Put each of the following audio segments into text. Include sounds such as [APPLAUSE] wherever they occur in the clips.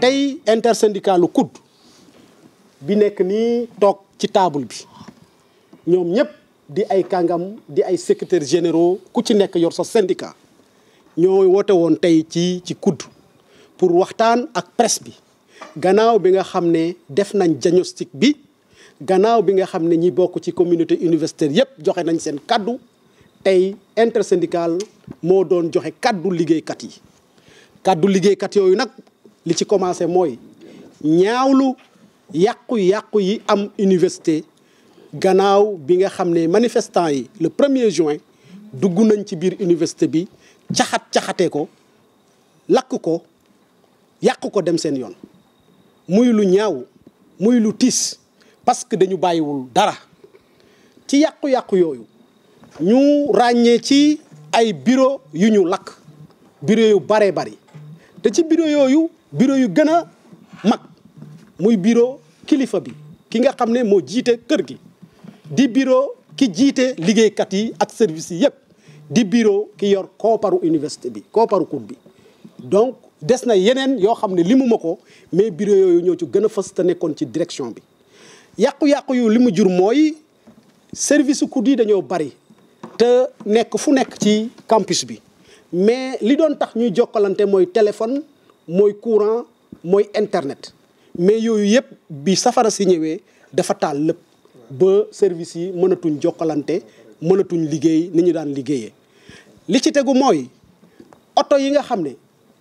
tey intersyndicalu kudd bi nekk nii toog ci table bi ñoom ñëpp di ay kàngam di ay secrétaires généraux ku ci nekk yor sa syndicat ñoo woote woon tey ci ci COUD pour waxtaan ak presse bi gannaaw bi nga xam ne def nañ diagnostic bi gannaaw bi nga xam ne ñi bokk ci communauté universitaire yëpp joxe nañ seen kaddu tey intersyndical moo doon joxe kàddu liggéeykat yi kàddu liggéeykat yooyu nag li ci commencé mooy ñaaw lu yàqu-yàqu yi am université gannaaw bi nga xam ne manifestant yi le premier juin dugg nañ ci biir université bi caxat caxate ko lakk ko yàq ko dem seen yoon muy lu ñaaw muy lu tiis parce que dañu bàyyiwul dara ci yàqu-yàqu yooyu ñu ràññee ci ay bureau yu ñu lakk bureau yu baree bari te ci bureau yooyu bureau yu gën a mag muy bureau kilifa bi ki nga xam ne moo jiite kër gi di bureau ki jiite liggéeykat yi ak service yi yëpp di bureau ki yor kooparu université bi kooparu cour bi donc des na yeneen yoo xam ne li mu ma ko mais bureau yooyu ñoo ci gën a fës nekkoon ci direction bi yàqu-yàqu yu li mu jur mooy service cour yi dañoo bari te nekk fu nekk ci campus bi mais li doon tax ñuy jokkalante mooy téléphone mooy courant mooy internet mais yooyu yëpp bi safara si ñëwee dafa taal lépp ba service yi mënatuñ jokkalante mënatuñ liggéey ni ñu daan liggéeyee li ci tegu mooy oto yi nga xam ne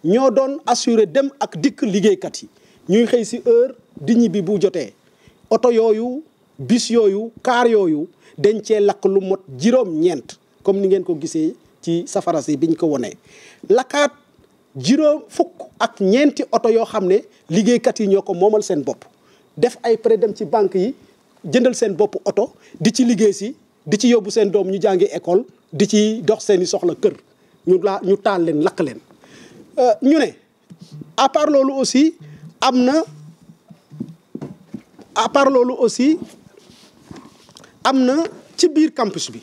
ñoo doon assuré dem ak dikk liggéeykat yi ñuy xëy si heure di ñibbi bu jotee oto yooyu bis yooyu kaar yooyu dencee cee lakk lu mot juróom-ñeent comme ni ngeen ko gisee ci safara si biñ ko wonee juróom fukk ak ñeenti oto yoo xam ne liggéeykat yi ñoo ko moomal seen bopp def ay prêt dem ci banque yi jëndal seen bopp oto di ci liggéey si di ci yóbbu seen doom ñu jàngi école di ci dox seeni soxla kër ñu laa ñu taal leen lakk leen euh, ñu ne à loolu aussi am na à part loolu aussi am na ci biir campus bi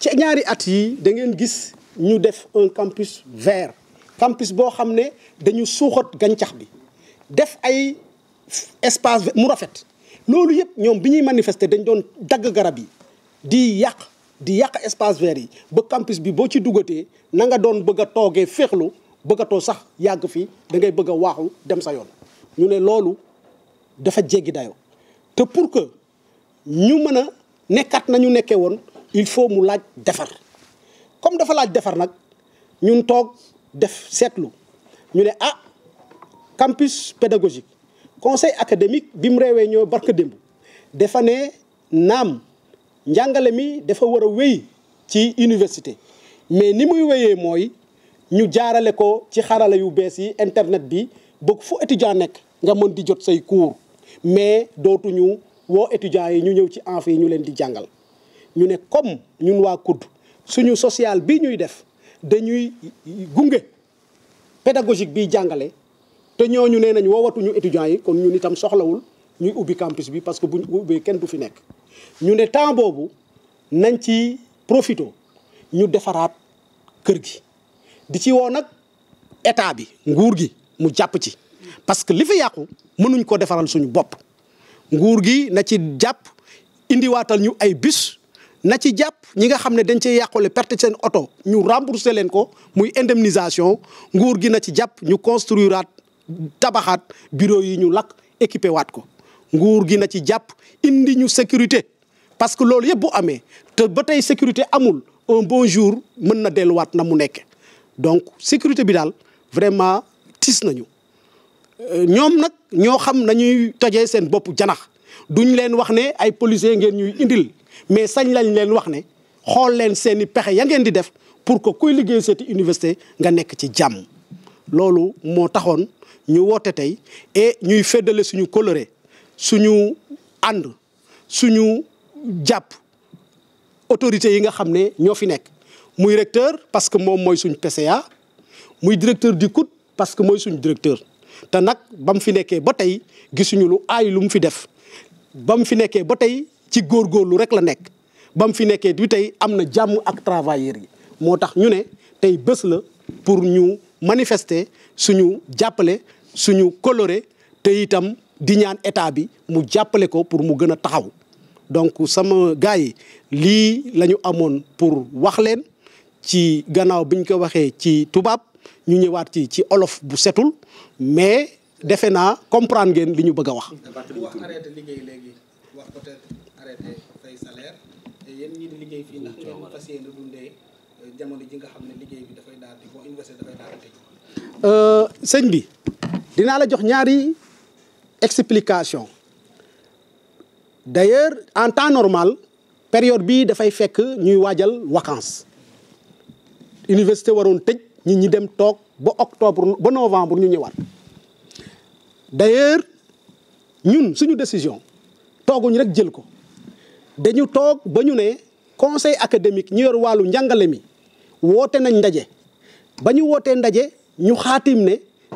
ci ñaari at yi dangeen gis ñu def un campus vert campus boo xam ne dañu suuxat gàncax bi def ay espace mu rafet loolu yëpp ñoom bi ñuy manifester dañ doon dagg garab yi di yàq di yàq espace vert yi ba campus bi boo ci duggatee na nga doon bëgg a toogee féexlu bëggatoo sax yàgg fi da ngay bëgg a waaxu dem sa yoon ñu ne loolu dafa jéggi dayo te pour que ñu mën a nekkaat nañu nekkee woon il faut mu laaj defar comme dafa laaj defar nag ñun toog def seetlu ñu ne ah campus pédagogique conseil académique bi mu réewee ñoo barka démb dafa ne naam njàngale mi dafa war a wéy ci université mais ni muy wéyee mooy ñu jaarale ko ci xarala yu bees yi internet bi bëgg fu étudiant nekk nga mën di jot say cours mais dootuñu woo étudiants yi ñu ñëw ci amphi yi ñu leen di jàngal ñu ne comme ñun waa COUD suñu sociale bi ñuy def dañuy gunge pédagogique bi jàngale te ñu nee nañ woowatuñu étudiants yi kon ñun itam soxlawul ñuy ubbi campus bi parce que buñ ubbee kenn du fi nekk ñu ne temps boobu nañ ci profito ñu defaraat kër gi di ci woo nag état bi nguur gi mu jàpp ci parce que li fi yàqu mënuñ koo defaral suñu bopp nguur gi na ci jàpp indiwaatal ñu ay bis na ci jàpp ñi nga xam ne dañ cee yàqule perte seen oto ñu rembourser leen ko muy indemnisation nguur gi na ci jàpp ñu construiraat tabaxaat bureau yi ñu lakk équipé waat ko nguur gi na ci jàpp indi ñu sécurité parce que loolu yëpp bu amee te ba tey sécurité amul un bon jour mën na delluwaat na mu nekk donc sécurité bi daal vraiment tiis nañu euh, ñoom nag ñoo xam nañuy tojee seen bopp janax duñ leen wax ne ay policiers ngeen ñuy indil mais sañ lañ leen wax ne xool leen seen i pexe ya ngeen di def pour que kuy liggéey seeti université nga nekk ci jàmm loolu moo taxoon ñu woote tey et ñuy feddale suñu coloré suñu ànd suñu jàpp autorités yi nga xam ne ñoo fi nekk muy recteur parce que moom mooy suñ PCA muy directeur du COUD parce que mooy suñ directeur te nag ba mu fi nekkee ba tey gisuñu lu aay lu mu fi def ba mu fi nekkee ba tey ci góor góorlu rek la nekk ba mu fi nekkee du tey am na jàmm ak travailleurs yi moo tax ñu ne tey bés la pour ñu manifeste suñu jàppale suñu coloré te itam di ñaan état bi mu jàppale ko pour mu gën a taxaw donc sama gars yi lii la ñu amoon pour wax leen ci gannaaw bi ñu ko waxee ci tubaab ñu ñëwaat ci ci olof bu setul mais defe naa comprendre ngeen li ñu bëgg a wax. traité liggéey fii ndax ngeen fas yéene euh, ji nga xam ne liggéey bi dafay daal di bon université dafay euh, sëñ bi dinaa la jox ñaari explication d'ailleurs en temps normal période bii dafay fekk ñuy waajal vacances université waroon tëj ñi ñi dem toog ba octobre ba novembre ñu ñëwaat d'ailleurs ñun suñu décision tooguñu rek jël ko dañu toog ba ñu ne conseil académique ñu yor wàllu njàngale mi woote nañ ndaje ba ñu wootee ndaje ñu xaatim ne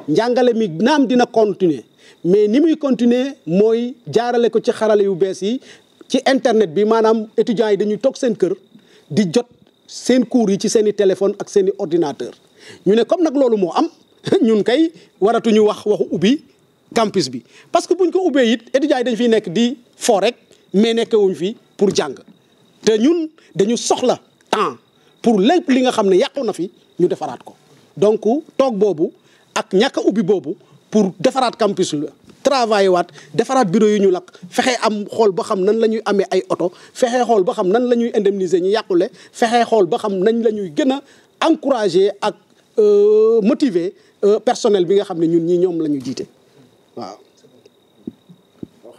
njàngale mi naam dina continuer mais ni muy continuer mooy jaarale ko ci xarale yu bees yi ci internet bi maanaam étudiants yi dañuy toog seen kër di jot seen cours yi ci seen i téléphone ak seen i ordinateur ñu ne comme nag loolu moo am [LAUGHS] ñun kay waratuñu wax waxu ubbi campus bi parce que buñ ko ubbee it étudiants yi dañ fiy nekk di fo rek mais nekkewuñ fi pour jàng te ñun dañu soxla temps pour lépp li nga xam ne yàqu na fi ñu defaraat ko donc toog boobu ak ñàkk ubbi boobu pour defaraat campus la travailler waat defaraat bureau yu ñu lakk fexe am xool ba xam nan la ñuy amee ay oto fexe xool ba xam nan la ñuy indemniser ñu yàqule fexe xool ba xam nañ la ñuy gën a encourager ak euh, motiver euh, personnel bi nga xam ne ñun ñi ñoom la ñu jiite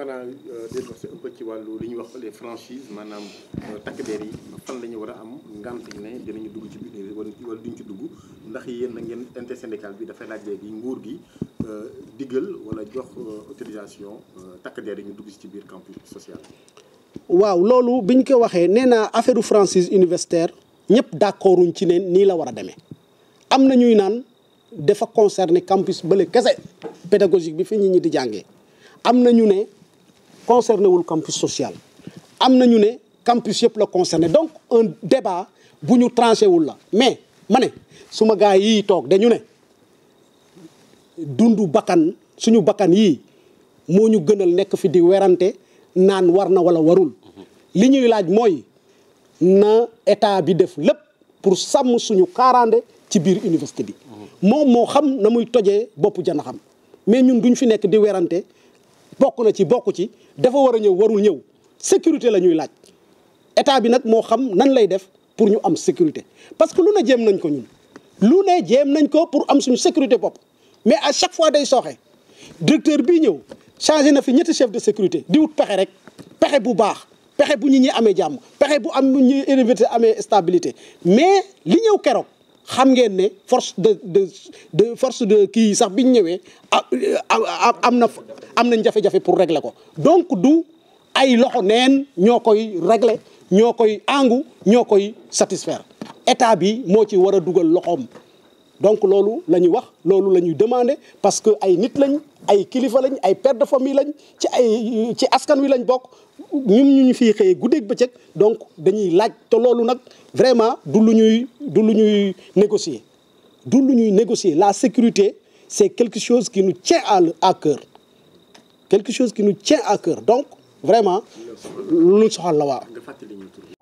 xanaa déet wax si un wax les franchises maanaam euh, takk der yi fan la ñu war a am ngant yi ne dinañu dugg ci biir wala duñ ci dugg ndax yéen na ngeen intersyndical bi dafay laaj léegi nguur gi euh, diggal wala jox euh, autorisation takk der yi ñu dugg ci biir campus social waaw loolu biñ ko waxee nee naa affaire franchise universitaire ñëpp d'accorduñ ci ne nii la war a demee am na ñuy naan dafa concerner campus bële kese pédagogique bi fi ñu ñi di jàngee am na ñu ne concerné wul campus social am na ñu ne campus yëpp la concerné donc un débat bu ñu tranché wul la mais ma ne suma gars yi toog dañu ne dundu bakkan suñu bakkan yii moo ñu gënal nekk fi di werante naan war na wala warul li ñuy laaj mooy na état bi def lépp pour sàmm suñu kaaraande ci biir université bi moom moo xam na muy tojee boppu jana mais ñun duñ fi nekk di werante bokk na ci bokk ci dafa war a ñëw warul ñëw sécurité la ñuy laaj état bi nag moo xam nan lay def pour ñu am sécurité parce que lu ne jéem nañ ko ñun lu ne jéem nañ ko pour am suñu sécurité bopp mais à chaque fois day sooxe directeur bii ñëw changé na fi ñetti chef de sécurité di wut pexe rek pexe bu baax pexe bu ñu ñi amee jàmm pexe bu am ñu université amee stabilité mais li ñëw keroog xam ngeen ne force de de de force de kii yi sax bi ñu ñëwee am na am nañ jafe-jafe pour régler ko donc du ay loxo neen ñoo koy régler ñoo koy àngu ñoo koy satisfaire état bi moo ci war a dugal loxoom donc loolu la ñuy wax loolu la ñuy demander parce que ay nit lañ. ay kilifa lañ ay père de famille lañ ci ay ci askan wi lañ bokk ñun ñu ñu fiy xëyee guddeeg bëccëg donc dañuy laaj te loolu nag vraiment du lu ñuy du lu ñuy négocier du lu ñuy négocier la sécurité c'est quelque chose qui nous tient à à cœur quelque chose qui nous tient à cœur donc vraiment lu soxal la waaw